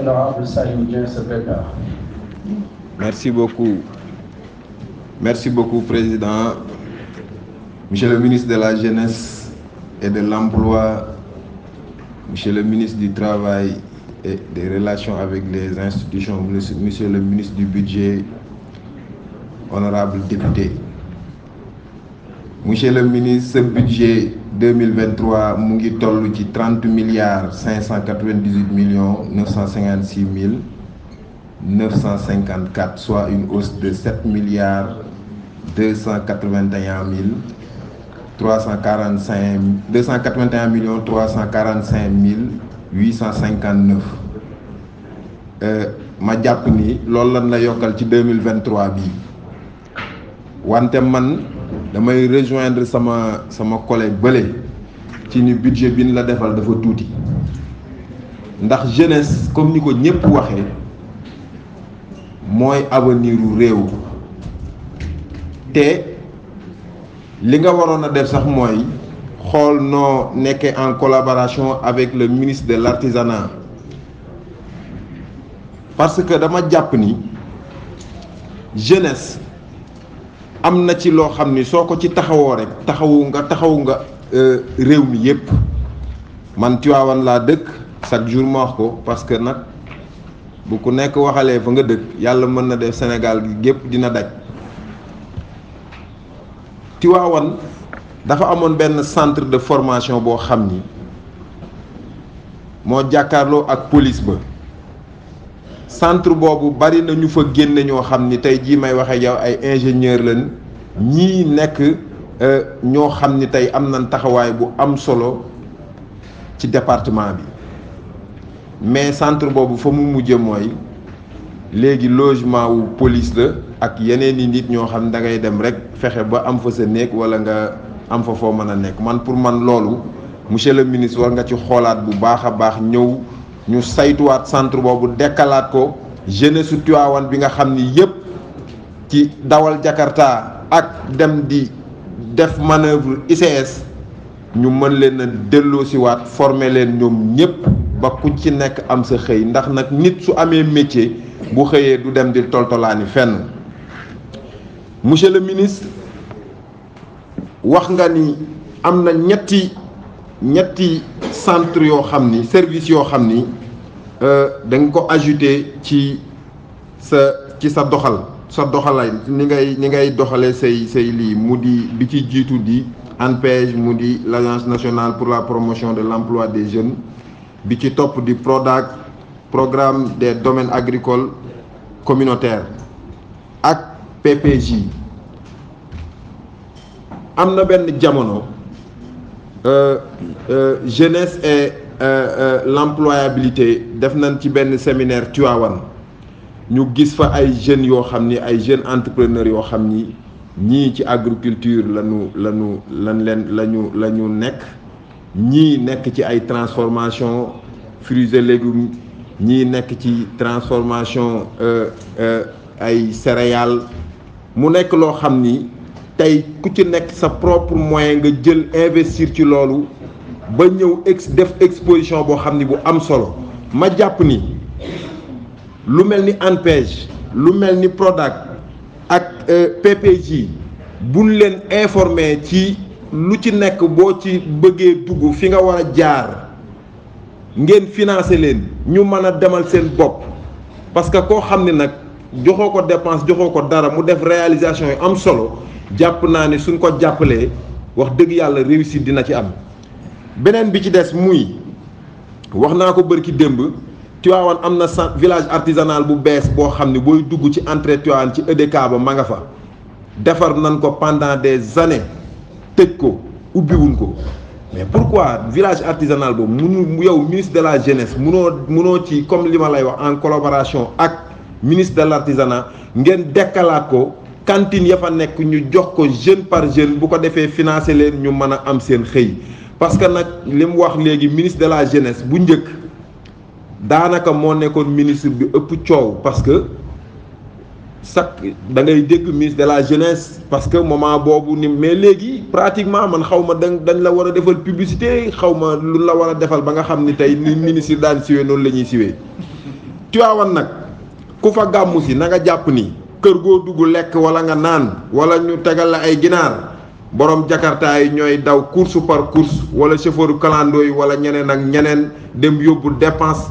Honorable Merci beaucoup. Merci beaucoup, Président. Monsieur le ministre de la Jeunesse et de l'Emploi, Monsieur le ministre du Travail et des Relations avec les institutions, Monsieur le ministre du Budget, honorable député. Monsieur le ministre, ce budget 2023 mu ngi 30 milliards 598 millions 956 954 soit une hausse de 7 milliards 281 345 281 millions 345 859 euh, ma 2023 bi wante man damay rejoindre sama sama collègue bële ci ni budget bin la défal dafa touti ndax jeunesse comme niko ko waxé moy mooy avenir u réew te li nga warona def sax moy xol no nekkee en collaboration avec le ministre de l'artisanat parce que dama japp ni jeunesse am na ci loo xam ni soo ko ci taxawoo rek taxawu nga taxawu nga euh, réew mi yépp man Tiwaawan laa dëkk chaque jour ma ko parce que nag bu ku nekk waxalee fa nga dëkk yàlla mën na def Sénégal gi gépp dina daj Tiwaawan dafa amoon benn centre de formation boo xam ni moo jàkkaarloo ak police ba centre boobu bari na ñu fa génne ñoo xam ni tey jii may waxee yow ay ingénieur lañ ñii nekk euh, ñoo xam ni tey am na taxawaay bu am solo ci département bi mais centre boobu fa mu mujje mooy léegi logement wu police la ak yeneen i nit ñoo xam ne da ngay dem rek fexe ba am fa sa néeg wala nga am fa foo mën a nekk man pour man loolu monsieur le ministre war nga ci xoolaat bu baax a baax ñëw ñu saytuwaat centre boobu dekkalaat ko jeunesse su bi nga xam ni yëpp ci dawal Jakarta ak dem di def manœuvre ICS ñu mën leen a delloosiwaat former leen ñoom ñëpp ba ku ci nekk am sa xëy ndax nag nit su amee métier bu xëyee du dem di toltolaani fenn monsieur le ministre wax nga ni am na ñetti. ñetti centre yo xamni service yo xamni euh da ko ajouter ci sa ci sa doxal sa doxalay ni ngay ni ngay doxale say say li mudi di bi ci jitu di ANPEJ mudi l'agence nationale pour la promotion de l'emploi des jeunes bi ci top di PRODAC programme des domaines agricoles communautaires ak PPJ amna ben jamono euh, euh, jeunesse et euh, euh, l'employabilité def nañ ci benn séminaire Tivaouane ñu gis fa ay jeunes yo xamni, ni ay jeunes entrepreneurs yo xamni, ni ñii ci agriculture lañu lañu lan leen lañu la ñu nekk ñii nekk ci ay transformation fruits et légumes ñii nekk ci transformation euh, ay céréales mu nekk lo xamni, tey ku ci nekk sa propre moyen nga jël investir ci loolu ba ñëw ex def exposition boo xam ni bu am solo ma jàpp ni lu mel ni ANPEJ lu mel ni PRODAC ak euh, PPJ buñ leen informé ci lu ci nekk boo ci bëggee dugg fi nga war a jaar ngeen financé leen ñu mën a demal seen bopp parce que koo xam ni nag joxoo ko dépense joxoo ko dara mu def réalisation am solo japp naa ne suñ ko jàppalee wax deug yalla réussite dina ci am benen bi ci des muy wax naa ko bërki démb Tivaouane village artisanal bu bes bo xamni boy dugg ci entrée Tivaouane ci EDK ba ma nga fa défar nan ko pendant des années tëj ko ko mais pourquoi village artisanal bo munu yow ministre de la jeunesse munoo munoo ci comme lima lay wax en collaboration ak ministre de l'artisanat ngeen dekkalaat ko cantine ya fa nekk ñu jox ko jeune par jeune bu ko defee financer leen ñu mën a am seen xëy parce que nag li mu wax léegi ministre de la jeunesse bu njëkk daanaka moo nekkoon ministre bi ëpp coow parce que sax da ngay dégg ministre de la jeunesse parce que moment boobu ni mais léegi pratiquement man xaw ma dañ dañ la war a defal publicité xaw ma lu la war a defal ba nga xam ni tey ni ministre daan siwee noonu la ñuy siwee Tiwaawan nag ku fa gàmmu si na nga jàpp ni kër goo dugg lekk wala nga naan wala ñu tegal ay ginaar borom jakarta yi ñooy daw course par course wala chauffeur kalandoo yi wala ñeneen ak ñeneen dem yóbbu dépense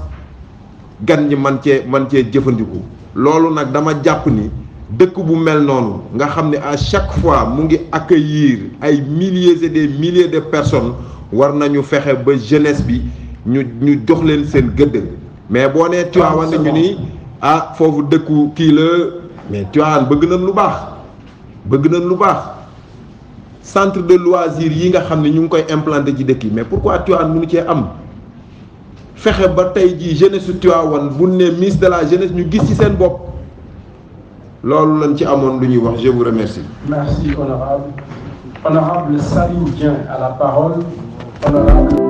gan ñi man cee man cee jëfandiku loolu nag dama jàpp ni dëkk bu mel noonu nga xam ne à chaque fois mu ngi accueillir ay milliers et des milliers de personnes war nañu fexe ba jeunesse bi ñu ñu jox leen seen gëdd mais boo nee Tivaouane ñu ni ah fofu dëkku ki le mais Tivaouane bëgg nañ lu baax bëgg nañ lu baax centre de loisir yi nga xam ñu ngi koy implanter ci dekk yi mais pourquoi Tivaouane mënu ci am fexé ba tay ji jeunesse su Tivaouane bu ne ministre de la jeunesse ñu gis ci seen bop loolu lañ ci amone lu ñuy wax je vous remercie. merci honorable honorable Salim Dieng à la parole honorable.